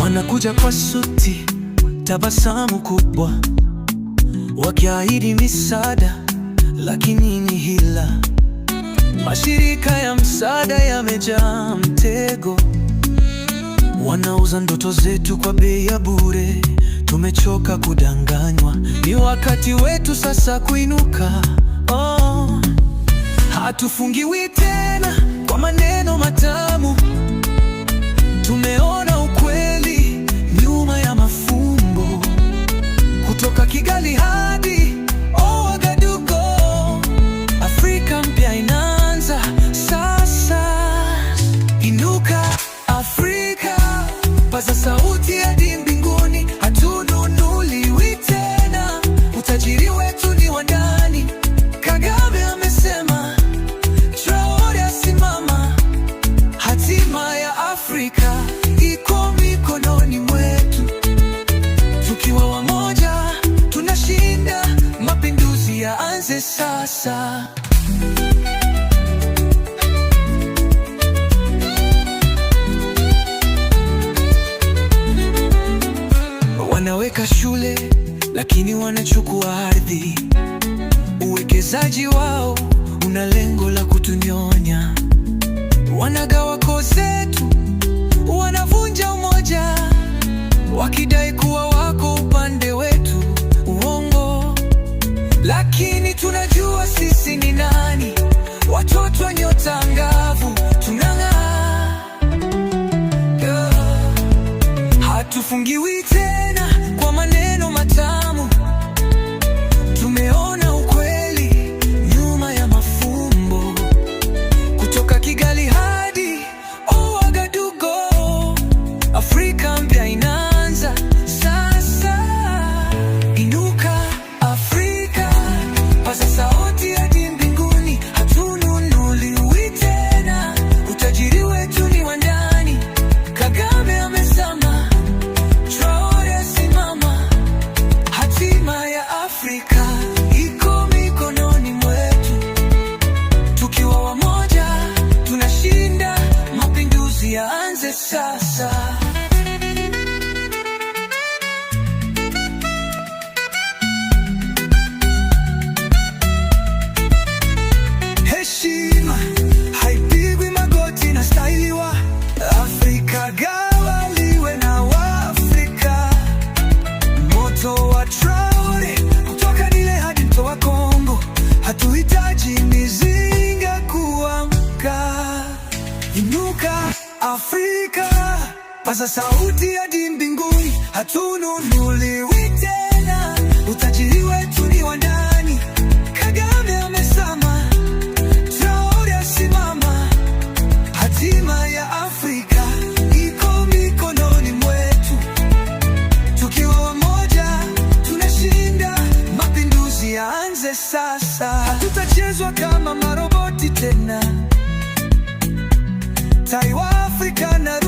Wanakuja kwa suti, tabasamu kubwa, wakiahidi misaada, lakini ni hila. Mashirika ya msaada yamejaa mtego, wanauza ndoto zetu kwa bei ya bure tumechoka kudanganywa, ni wakati wetu sasa kuinuka. Oh, hatufungiwi tena kwa maneno matamu sasa. Wanaweka shule lakini wanachukua ardhi. Uwekezaji wao una lengo la kutunyonya. Wanagawa koo zetu, wanavunja umoja wakidai ufungiwi tena Afrika, pasa sauti hadi mbinguni, hatununuliwi tena, utajiri wetu ni wa ndani. Kagame amesema, Traore asimama, hatima ya Afrika iko mikononi mwetu. Tukiwa wamoja tunashinda, mapinduzi yaanze sasa. Hatutachezwa kama maroboti tena. African